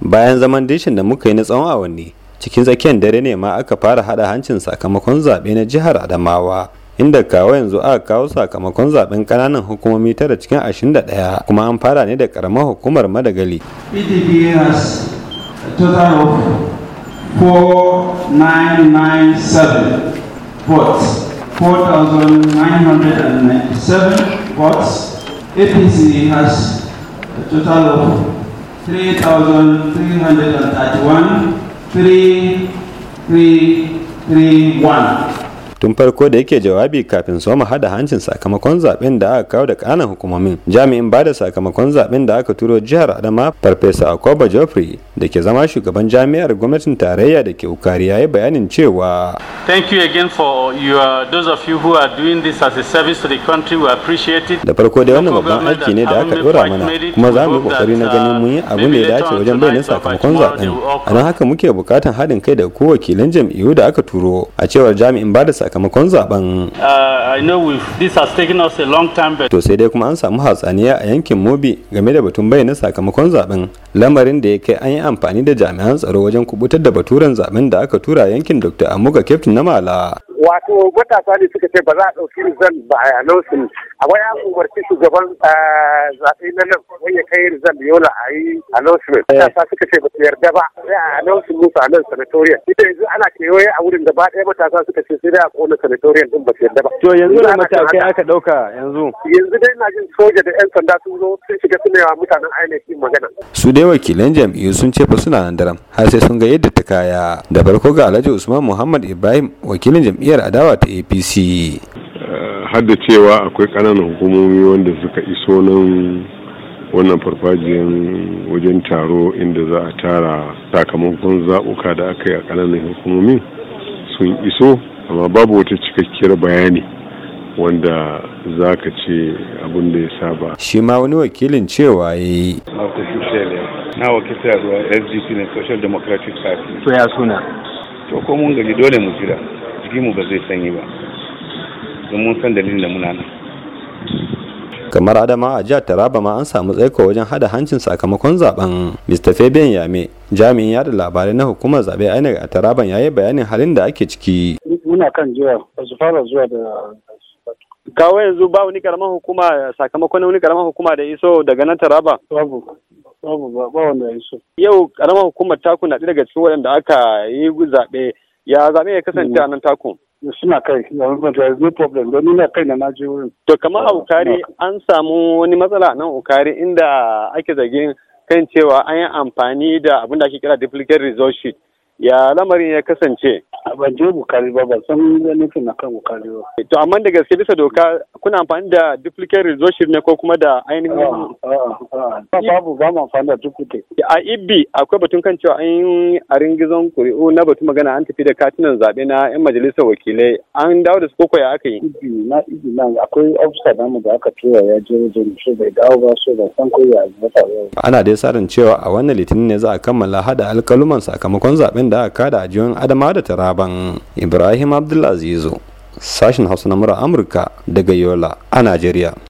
bayan zaman dishin da muka yi na tsawon awanni cikin tsakiyar dare ne ma aka fara hada hancin sakamakon zaɓe na jihar adamawa inda kawo yanzu aka kawo sakamakon zaɓen ƙananan hukumomi tara cikin 21 kuma an fara ne da karamar hukumar madagali APC has a total of 3,331, 3, 3, 3, 1. tun farko da yake jawabi kafin soma hada hancin sakamakon zaben da aka kawo da kanan hukumomin jami'in bada sakamakon zaben da aka turo jihar adama farfesa akoba joffrey da ke zama shugaban jami'ar gwamnatin tarayya da ke ukari ya yi bayanin cewa thank you again for your those of you who are doing this as a service to the country we appreciate it da farko dai wannan babban aiki ne da aka dora mana kuma za mu kokari na ganin uh, mun yi abin da ya dace wajen bayyana sakamakon zaben a haka muke bukatan haɗin kai da ko wakilan jam'iyyu da aka turo a cewar jami'in bada sakamakon zaben uh, i know this has taken us a long time but to sai dai kuma an samu hatsaniya a yankin mobi game da batun bayyana sakamakon zaben lamarin da ya kai an yi amfani da jami'an tsaro wajen kubutar da baturen zaben da aka tura yankin dr amuga captain na malawa wato matasa ne suka ce ba za a ɗauki zan ba a yanosin akwai ya umarci gaban eh, zaɓe na nan wai ya kai rizal yola a yi announcement eh. matasa suka ce ba su yarda ba sai a announcement musu a nan sanatoriyan ita yanzu ana kewaye a wurin gaba ɗaya matasa suka ce sai dai a kona sanatoriyan din ba su yarda ba. to yanzu da matakai aka ɗauka yanzu. yanzu dai na jin soja da 'yan sanda sun zo sun shiga suna yawa mutanen ainihin magana. su dai wakilan jam'iyyu sun ce ba suna nan daram har sai sun ga yadda ta kaya da farko ga alhaji usman muhammad ibrahim wakilin jam'iyyu jam'iyyar adawa ta apc eh, har cewa akwai ƙananan hukumomi wanda suka iso nan wannan farfajiyar wajen taro inda za a tara sakamakon zaɓuka da aka yi a kananan hukumomin sun iso amma babu wata cikakkiyar bayani wanda za ka ce abin da ya saba shi ma wani wakilin cewa ya yi na wakilta sdp ne social democratic party to ya suna to ko mun gaji dole mu jira jikinmu ba zai sanyi ba don mun san dalilin da muna nan kamar adama a jihar taraba ma an samu tsaiko wajen hada hancin sakamakon zaben mr fabian yame jami'in yada labarai na hukumar zabe inec a taraban yayi bayanin halin da ake ciki muna kan jiya ba su fara zuwa da kawo yanzu ba wani karamar hukuma sakamakon wani karamar hukuma da iso daga nan taraba babu babu ba wanda iso yau karamar hukumar taku na daga cikin waɗanda aka yi zaɓe ya zaɓe ya kasance a nan takun suna kai no problem don nuna kai na to kamar a ukari an samu wani matsala nan ukari inda ake zargin kan cewa an yi amfani da abin da ake kira duplicate result sheet ya lamarin ya kasance ban je bukari ba ban san nufin na kan bukari ba to amma da gaske bisa doka kuna amfani da duplicate resources ne ko kuma da ainihin babu ba mu amfani da duplicate a ibbi akwai batun kan cewa an a ringizon kuri'u na batun magana an tafi da katinan zaɓe na yan majalisar wakilai an dawo da su koko ya aka yi ibbi na ibi na akwai officer da mu da aka tura ya je wajen shi bai dawo ba so ban san ko ya ana dai sarin cewa a wannan litinin ne za a kammala hada alkaluman sakamakon zaɓen da aka kada a adama da taraban ibrahim abdul'azizu sashen hausa na mura amurka daga yola a najeriya